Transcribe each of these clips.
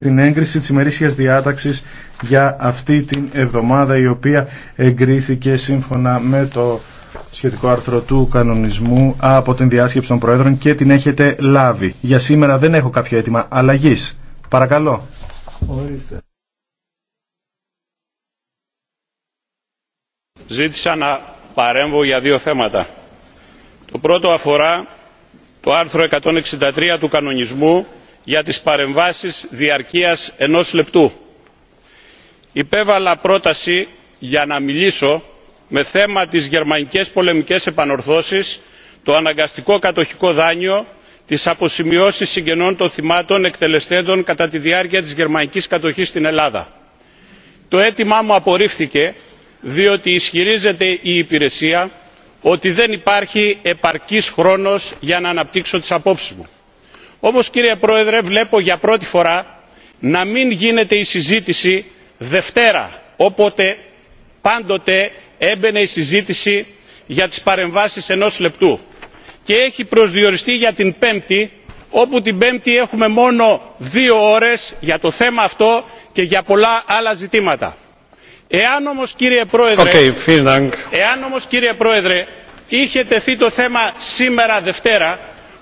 την έγκριση της ημερήσιας διάταξης για αυτή την εβδομάδα η οποία εγκρίθηκε σύμφωνα με το σχετικό άρθρο του κανονισμού από την διάσκεψη των Προέδρων και την έχετε λάβει. Για σήμερα δεν έχω κάποιο αίτημα αλλαγή. Παρακαλώ. Ζήτησα να παρέμβω για δύο θέματα. Το πρώτο αφορά το άρθρο 163 του κανονισμού για τις παρεμβάσεις διαρκείας ενός λεπτού. Υπέβαλα πρόταση για να μιλήσω με θέμα τις γερμανικές πολεμικές επανορθώσεις, το αναγκαστικό κατοχικό δάνειο, τις αποσημειώσεις συγγενών των θυμάτων εκτελεστέντων κατά τη διάρκεια της γερμανικής κατοχής στην Ελλάδα. Το αίτημά μου απορρίφθηκε διότι ισχυρίζεται η υπηρεσία ότι δεν υπάρχει επαρκής χρόνος για να αναπτύξω τις απόψεις μου όμως κύριε πρόεδρε βλέπω για πρώτη φορά να μην γίνεται η συζήτηση δευτέρα όποτε πάντοτε έμπαινε η συζήτηση για τις παρεμβάσεις ενός λεπτού και έχει προσδιοριστεί για την πέμπτη όπου την πέμπτη έχουμε μόνο δύο ώρες για το θέμα αυτό και για πολλά άλλα ζητήματα. Εάν όμως κύριε Πρόεδρε, okay, εάν όμως, κύριε Πρόεδρε είχε τεθεί το θέμα σήμερα Δευτέρα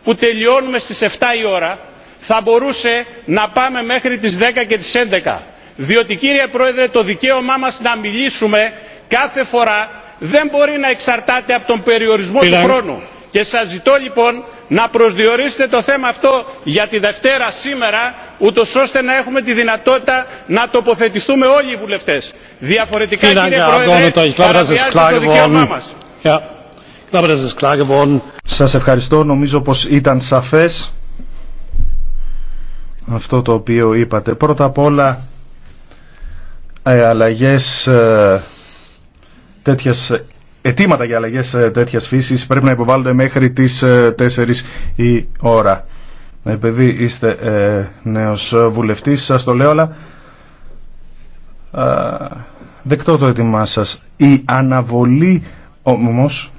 που τελειώνουμε στις 7 η ώρα θα μπορούσε να πάμε μέχρι τις 10 και τις 11. Διότι κύριε Πρόεδρε το δικαίωμά μας να μιλήσουμε κάθε φορά δεν μπορεί να εξαρτάται από τον περιορισμό του χρόνου. Και σας ζητώ λοιπόν να προσδιορίσετε το θέμα αυτό για τη Δευτέρα σήμερα, ούτω ώστε να έχουμε τη δυνατότητα να τοποθετηθούμε όλοι οι βουλευτές. Διαφορετικά κύριε Πρόεδρε, παραβιάζεται το δικαίωμά μας. Σας ευχαριστώ. Νομίζω πως ήταν σαφές αυτό το οποίο είπατε. Πρώτα απ' όλα ε, αλλαγές ε, τέτοιες αιτήματα για αλλαγές ε, τέτοιας φύσης πρέπει να υποβάλλονται μέχρι τις 4 η ώρα. Επειδή είστε νέος βουλευτής σας το λέω αλλά δεκτώ το αίτημά σας. Η αναβολή όμως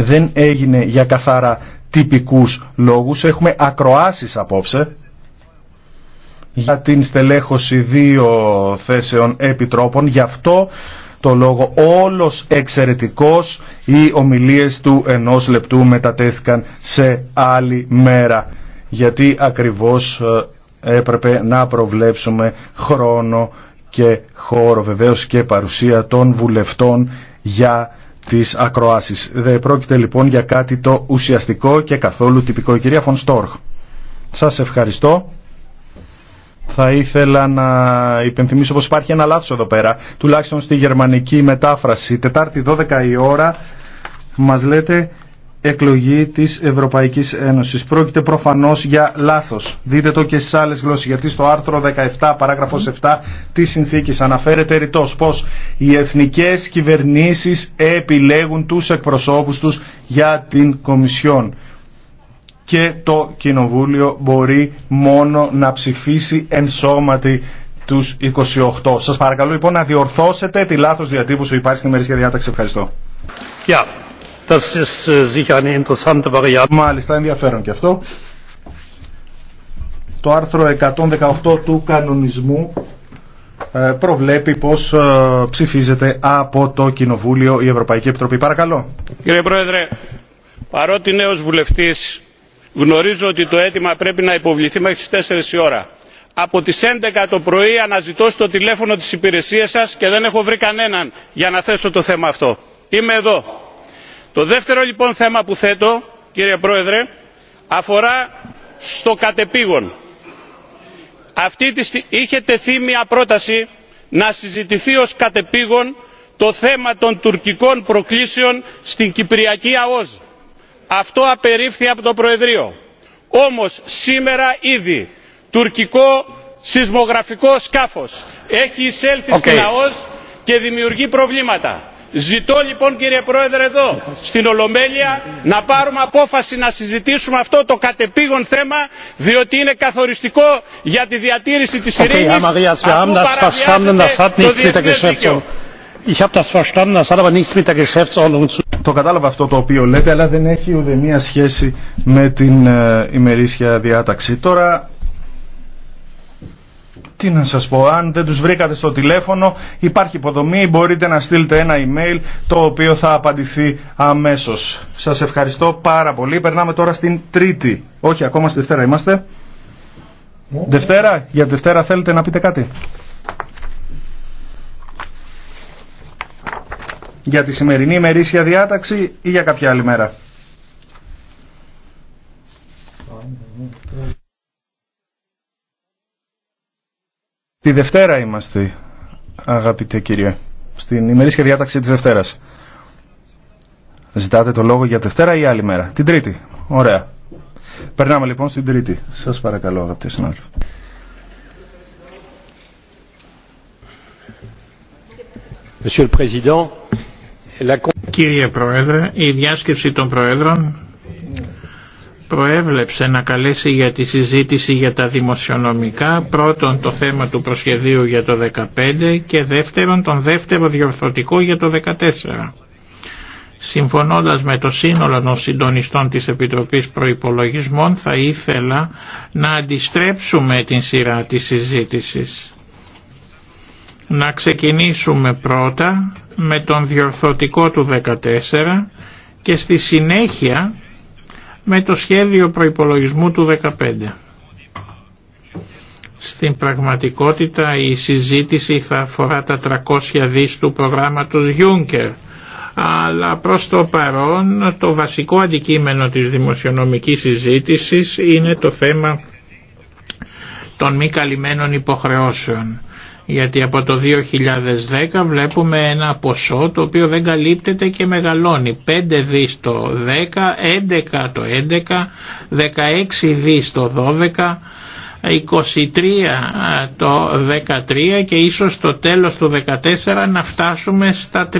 δεν έγινε για καθαρά τυπικούς λόγους. Έχουμε ακροάσεις απόψε για την στελέχωση δύο θέσεων επιτρόπων. Γι' αυτό το λόγο όλος εξαιρετικός οι ομιλίες του ενός λεπτού μετατέθηκαν σε άλλη μέρα. Γιατί ακριβώς ε, έπρεπε να προβλέψουμε χρόνο και χώρο βεβαίως και παρουσία των βουλευτών για τις ακροάσεις. Δεν πρόκειται λοιπόν για κάτι το ουσιαστικό και καθόλου τυπικό. κυρία Φων Στόρχ, σας ευχαριστώ. Θα ήθελα να υπενθυμίσω πως υπάρχει ένα λάθος εδώ πέρα, τουλάχιστον στη γερμανική μετάφραση. Τετάρτη 12 η ώρα μας λέτε εκλογή της Ευρωπαϊκής Ένωσης. Πρόκειται προφανώς για λάθος. Δείτε το και στις άλλες γλώσσες, γιατί στο άρθρο 17, παράγραφος 7 της συνθήκης αναφέρεται ρητός πως οι εθνικές κυβερνήσεις επιλέγουν τους εκπροσώπους τους για την Κομισιόν. Και το Κοινοβούλιο μπορεί μόνο να ψηφίσει ενσώματι τους 28. Σας παρακαλώ λοιπόν να διορθώσετε τη λάθος διατύπωση που υπάρχει στην μερίσια διάταξη. Ευχαριστώ. Das ist äh, sicher Μάλιστα ενδιαφέρον και αυτό. Το άρθρο 118 του κανονισμού ε, προβλέπει πως ε, ψηφίζεται από το Κοινοβούλιο η Ευρωπαϊκή Επιτροπή. Παρακαλώ. Κύριε Πρόεδρε, παρότι νέος βουλευτής γνωρίζω ότι το αίτημα πρέπει να υποβληθεί μέχρι τις 4 η ώρα. Από τις 11 το πρωί αναζητώ στο τηλέφωνο της υπηρεσίας σας και δεν έχω βρει κανέναν για να θέσω το θέμα αυτό. Είμαι εδώ το δεύτερο λοιπόν θέμα που θέτω κύριε πρόεδρε αφορά στο κατεπήγον. Αυτή τη είχε τεθεί μια πρόταση να συζητηθεί ως κατεπήγον το θέμα των τουρκικών προκλήσεων στην κυπριακή ΑΟΣ. Αυτό απερίφθη από το Προεδρείο. Όμως σήμερα ήδη τουρκικό σεισμογραφικό σκάφος έχει εισέλθει στην ΑΟΣ και δημιουργεί προβλήματα. Ζητώ λοιπόν κύριε Πρόεδρε εδώ στην Ολομέλεια να πάρουμε απόφαση να συζητήσουμε αυτό το κατεπήγον θέμα διότι είναι καθοριστικό για τη διατήρηση της ειρήνης okay, το κατάλαβα αυτό το οποίο λέτε, αλλά δεν έχει ούτε μία σχέση με την ε, ημερήσια διάταξη. Τώρα τι να σας πω, αν δεν τους βρήκατε στο τηλέφωνο υπάρχει υποδομή, μπορείτε να στείλετε ένα email το οποίο θα απαντηθεί αμέσως. Σας ευχαριστώ πάρα πολύ. Περνάμε τώρα στην Τρίτη. Όχι, ακόμα στη Δευτέρα είμαστε. Δευτέρα, για τη Δευτέρα θέλετε να πείτε κάτι. Για τη σημερινή ημερήσια διάταξη ή για κάποια άλλη μέρα. Τη Δευτέρα είμαστε, αγαπητέ κύριε, στην ημερήσια διάταξη της Δευτέρας. Ζητάτε το λόγο για Δευτέρα ή άλλη μέρα. Την Τρίτη. Ωραία. Περνάμε λοιπόν στην Τρίτη. Σας παρακαλώ αγαπητέ συνάδελφοι. Κύριε Πρόεδρε, η διάσκεψη των Προέδρων προέβλεψε να καλέσει για τη συζήτηση για τα δημοσιονομικά πρώτον το θέμα του προσχεδίου για το 2015 και δεύτερον τον δεύτερο διορθωτικό για το 2014. Συμφωνώντας με το σύνολο των συντονιστών της Επιτροπής Προϋπολογισμών θα ήθελα να αντιστρέψουμε την σειρά της συζήτησης. Να ξεκινήσουμε πρώτα με τον διορθωτικό του 2014 και στη συνέχεια με το σχέδιο προϋπολογισμού του 2015. Στην πραγματικότητα η συζήτηση θα αφορά τα 300 δις του προγράμματος Juncker, αλλά προς το παρόν το βασικό αντικείμενο της δημοσιονομικής συζήτησης είναι το θέμα των μη καλυμμένων υποχρεώσεων γιατί από το 2010 βλέπουμε ένα ποσό το οποίο δεν καλύπτεται και μεγαλώνει. 5 δις το 10, 11 το 11, 16 δις το 12, 23 το 13 και ίσως το τέλος του 14 να φτάσουμε στα 30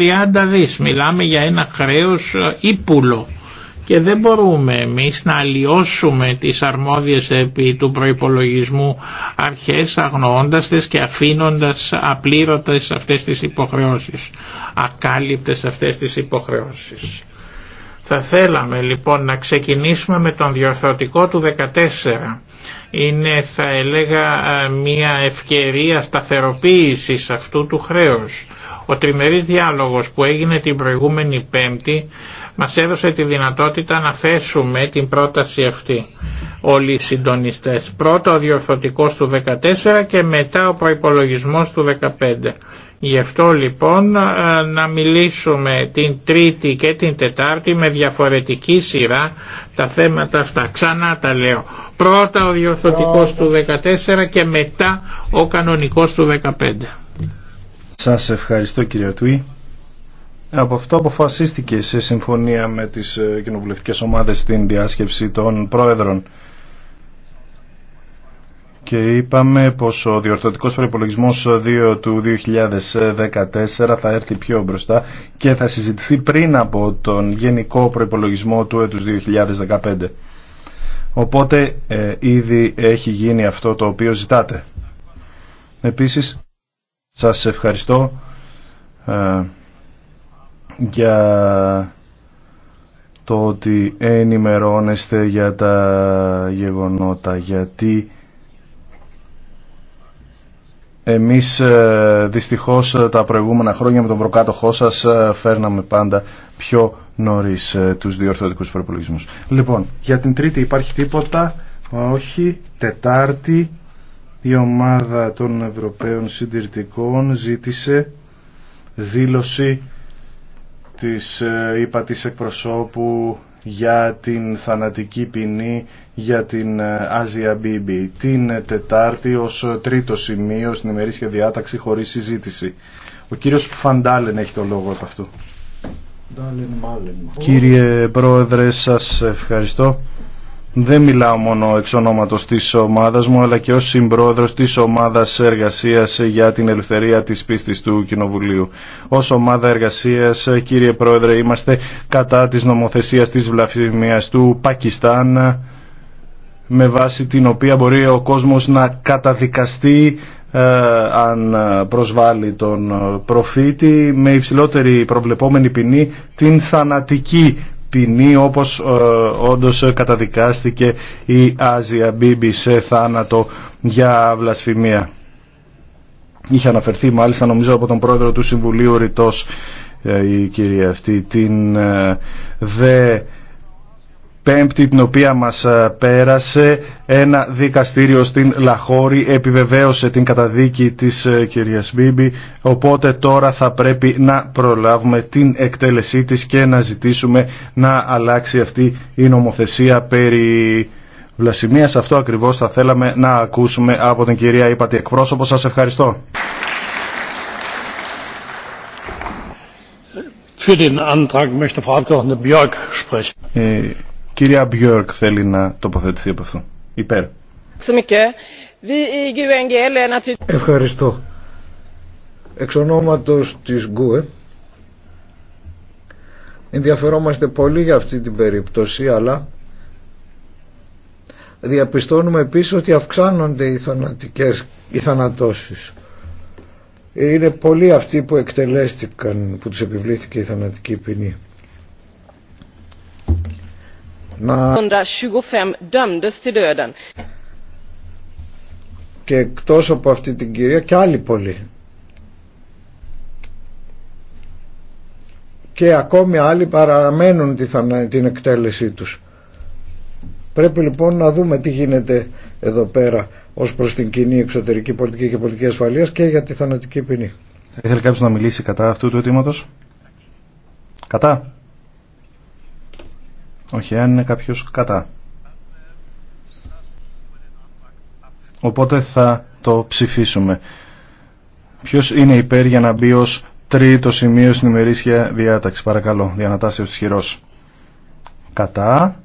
δις. Μιλάμε για ένα χρέος ύπουλο και δεν μπορούμε εμείς να αλλοιώσουμε τις αρμόδιες επί του προϋπολογισμού αρχές αγνοώντας τις και αφήνοντας απλήρωτες αυτές τις υποχρεώσεις, ακάλυπτες αυτές τις υποχρεώσεις. Θα θέλαμε λοιπόν να ξεκινήσουμε με τον διορθωτικό του 14 είναι θα έλεγα μια ευκαιρία σταθεροποίησης αυτού του χρέους. Ο τριμερής διάλογος που έγινε την προηγούμενη πέμπτη μας έδωσε τη δυνατότητα να θέσουμε την πρόταση αυτή όλοι οι συντονιστές. Πρώτα ο διορθωτικός του 14 και μετά ο προϋπολογισμός του 2015. Γι' αυτό λοιπόν να μιλήσουμε την Τρίτη και την Τετάρτη με διαφορετική σειρά τα θέματα αυτά. Ξανά τα λέω. Πρώτα ο διορθωτικός του 14 και μετά ο κανονικός του 2015. Σας ευχαριστώ κύριε Τουή. Από αυτό αποφασίστηκε σε συμφωνία με τις ε, κοινοβουλευτικές ομάδες στην διάσκεψη των πρόεδρων και είπαμε πως ο διορθωτικός προϋπολογισμός 2 του 2014 θα έρθει πιο μπροστά και θα συζητηθεί πριν από τον γενικό προϋπολογισμό του έτους 2015. Οπότε ε, ήδη έχει γίνει αυτό το οποίο ζητάτε. Επίσης, σας ευχαριστώ ε, για το ότι ενημερώνεστε για τα γεγονότα γιατί εμείς ε, δυστυχώς ε, τα προηγούμενα χρόνια με τον προκάτοχό σας ε, φέρναμε πάντα πιο νωρίς τους διορθωτικούς προπολογισμούς. Λοιπόν, για την τρίτη υπάρχει τίποτα, όχι, τετάρτη η ομάδα των Ευρωπαίων Συντηρητικών ζήτησε δήλωση της ε, είπα της εκπροσώπου για την θανατική ποινή για την ε, Άζια Μπίμπη την Τετάρτη ως τρίτο σημείο στην ημερήσια διάταξη χωρίς συζήτηση. Ο κύριος Φαντάλεν έχει το λόγο από αυτού. Κύριε Πρόεδρε, σας ευχαριστώ. Δεν μιλάω μόνο εξ ονόματος της ομάδας μου, αλλά και ως συμπρόεδρος της ομάδας εργασίας για την ελευθερία της πίστης του Κοινοβουλίου. Ως ομάδα εργασίας, κύριε Πρόεδρε, είμαστε κατά της νομοθεσίας της βλαφημίας του Πακιστάν, με βάση την οποία μπορεί ο κόσμος να καταδικαστεί ε, αν προσβάλλει τον προφήτη με υψηλότερη προβλεπόμενη ποινή την θανατική ποινή όπως ε, όντως καταδικάστηκε η Άζια Μπίμπη σε θάνατο για βλασφημία. Είχε αναφερθεί μάλιστα νομίζω από τον πρόεδρο του Συμβουλίου Ρητός ε, η κυρία αυτή την ε, δε Πέμπτη την οποία μας ε, πέρασε ένα δικαστήριο στην Λαχώρη επιβεβαίωσε την καταδίκη της ε, κυρίας Μπίμπη οπότε τώρα θα πρέπει να προλάβουμε την εκτέλεσή της και να ζητήσουμε να αλλάξει αυτή η νομοθεσία περί βλασιμίας. Αυτό ακριβώς θα θέλαμε να ακούσουμε από την κυρία Ήπατη εκπρόσωπο. Σας ευχαριστώ. Für den Antrag möchte Frau ε, Κυρία Μπιόρκ θέλει να τοποθετηθεί από αυτό. Υπέρ. Ευχαριστώ. Εξ ονόματος της ΓΚΟΕ ενδιαφερόμαστε πολύ για αυτή την περίπτωση αλλά διαπιστώνουμε επίσης ότι αυξάνονται οι θανατικές οι θανατώσεις. Είναι πολλοί αυτοί που εκτελέστηκαν, που τους επιβλήθηκε η θανατική ποινή και εκτός από αυτή την κυρία και άλλοι πολλοί και ακόμη άλλοι παραμένουν την εκτέλεσή τους πρέπει λοιπόν να δούμε τι γίνεται εδώ πέρα ως προς την κοινή εξωτερική πολιτική και πολιτική ασφαλείας και για τη θανατική ποινή θα ήθελε κάποιος να μιλήσει κατά αυτού του αιτήματος κατά όχι, αν είναι κάποιο κατά. Οπότε θα το ψηφίσουμε. Ποιο είναι υπέρ για να μπει ω τρίτο σημείο στην ημερήσια διάταξη. Παρακαλώ, διανατάσσεω χειρός. Κατά.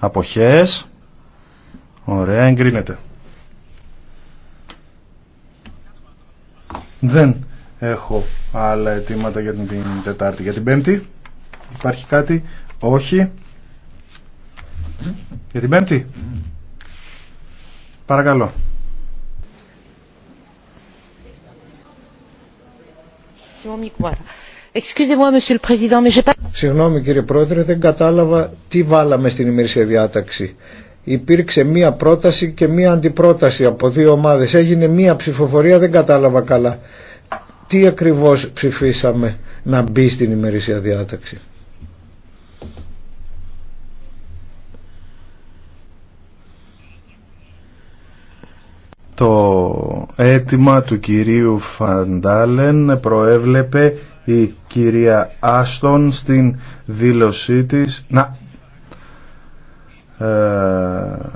αποχέ. Ωραία, εγκρίνεται. Δεν έχω άλλα αιτήματα για την, την Τετάρτη. Για την Πέμπτη. Υπάρχει κάτι. Όχι. Για την πέμπτη. Παρακαλώ. Συγγνώμη κύριε Πρόεδρε, δεν κατάλαβα τι βάλαμε στην ημερήσια διάταξη. Υπήρξε μία πρόταση και μία αντιπρόταση από δύο ομάδες. Έγινε μία ψηφοφορία, δεν κατάλαβα καλά. Τι ακριβώς ψηφίσαμε να μπει στην ημερήσια διάταξη. Το αίτημα του κυρίου Φαντάλεν προέβλεπε η κυρία Άστον στην δήλωσή της να ε,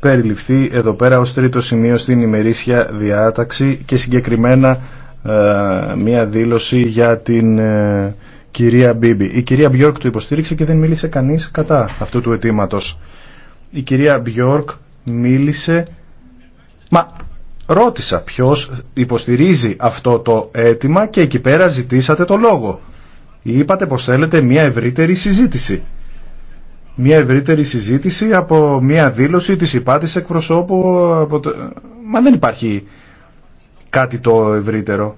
περιληφθεί εδώ πέρα ως τρίτο σημείο στην ημερήσια διάταξη και συγκεκριμένα ε, μία δήλωση για την ε, κυρία Μπίμπη. Η κυρία Μπιόρκ του υποστήριξε και δεν μίλησε κανείς κατά αυτού του αιτήματος. Η κυρία Μπιόρκ μίλησε Μα ρώτησα ποιος υποστηρίζει αυτό το αίτημα και εκεί πέρα ζητήσατε το λόγο. Είπατε πως θέλετε μια ευρύτερη συζήτηση. Μια ευρύτερη συζήτηση από μια δήλωση της υπάτης εκπροσώπου. Από Μα δεν υπάρχει κάτι το ευρύτερο.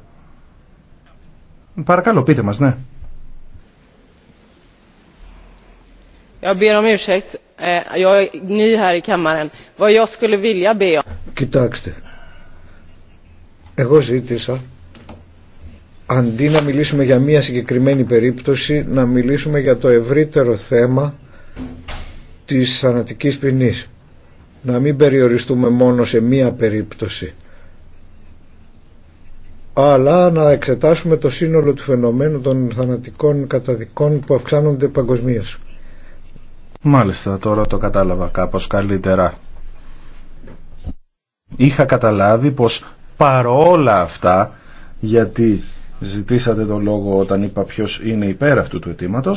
Παρακαλώ πείτε μας, ναι. Κοιτάξτε, εγώ ζήτησα αντί να μιλήσουμε για μία συγκεκριμένη περίπτωση να μιλήσουμε για το ευρύτερο θέμα της θανατικής ποινής. Να μην περιοριστούμε μόνο σε μία περίπτωση αλλά να εξετάσουμε το σύνολο του φαινομένου των θανατικών καταδικών που αυξάνονται παγκοσμίως. Μάλιστα, τώρα το κατάλαβα κάπως καλύτερα. Είχα καταλάβει πως παρόλα αυτά, γιατί ζητήσατε το λόγο όταν είπα ποιος είναι υπέρ αυτού του αιτήματο.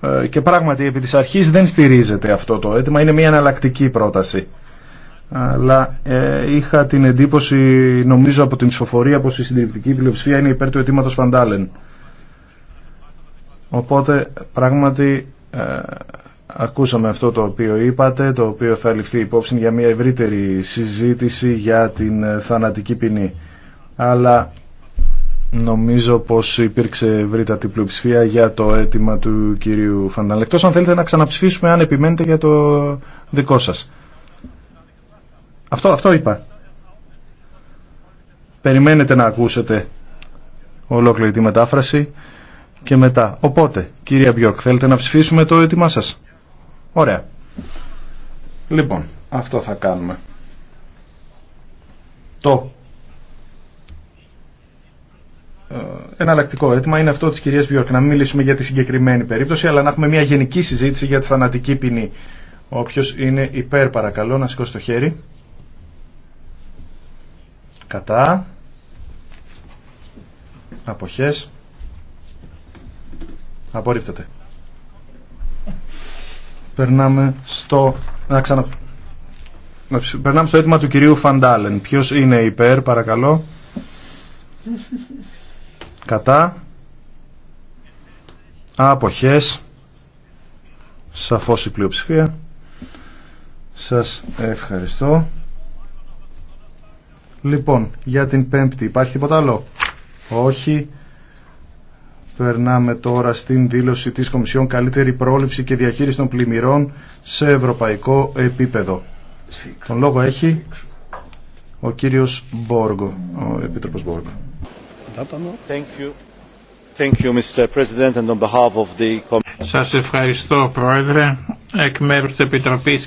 Ε, και πράγματι επί της αρχής δεν στηρίζεται αυτό το αίτημα, είναι μια αναλλακτική πρόταση. Αλλά ε, είχα την εντύπωση, νομίζω από την ψηφοφορία, πως η συντηρητική πλειοψηφία είναι υπέρ του αιτήματο Φαντάλεν. Οπότε πράγματι ε, ακούσαμε αυτό το οποίο είπατε, το οποίο θα ληφθεί υπόψη για μια ευρύτερη συζήτηση για την ε, θανατική ποινή. Αλλά νομίζω πως υπήρξε ευρύτατη πλειοψηφία για το αίτημα του κυρίου Φανταλεκτός. Αν θέλετε να ξαναψηφίσουμε αν επιμένετε για το δικό σας. Αυτό, αυτό είπα. Περιμένετε να ακούσετε ολόκληρη τη μετάφραση και μετά. Οπότε, κυρία Μπιόκ, θέλετε να ψηφίσουμε το έτοιμά σας. Ωραία. Λοιπόν, αυτό θα κάνουμε. Το ε, εναλλακτικό αίτημα είναι αυτό της κυρίας Μπιόκ. Να μην μιλήσουμε για τη συγκεκριμένη περίπτωση, αλλά να έχουμε μια γενική συζήτηση για τη θανατική ποινή. Όποιος είναι υπέρ παρακαλώ να σηκώσει το χέρι. Κατά. Αποχές. Απορρίπτεται. Περνάμε στο... Να ξανα... Περνάμε στο αίτημα του κυρίου Φαντάλεν. Ποιος είναι υπέρ, παρακαλώ. Κατά. Αποχές. Σαφώς η πλειοψηφία. Σας ευχαριστώ. Λοιπόν, για την πέμπτη υπάρχει τίποτα άλλο. Όχι. Περνάμε τώρα στην δήλωση της Κομισιόν καλύτερη πρόληψη και διαχείριση των πλημμυρών σε ευρωπαϊκό επίπεδο. Τον λόγο έχει ο κύριος Μπόργο, ο Επίτροπος Μπόργο. Σας ευχαριστώ Πρόεδρε. Εκ μέρους της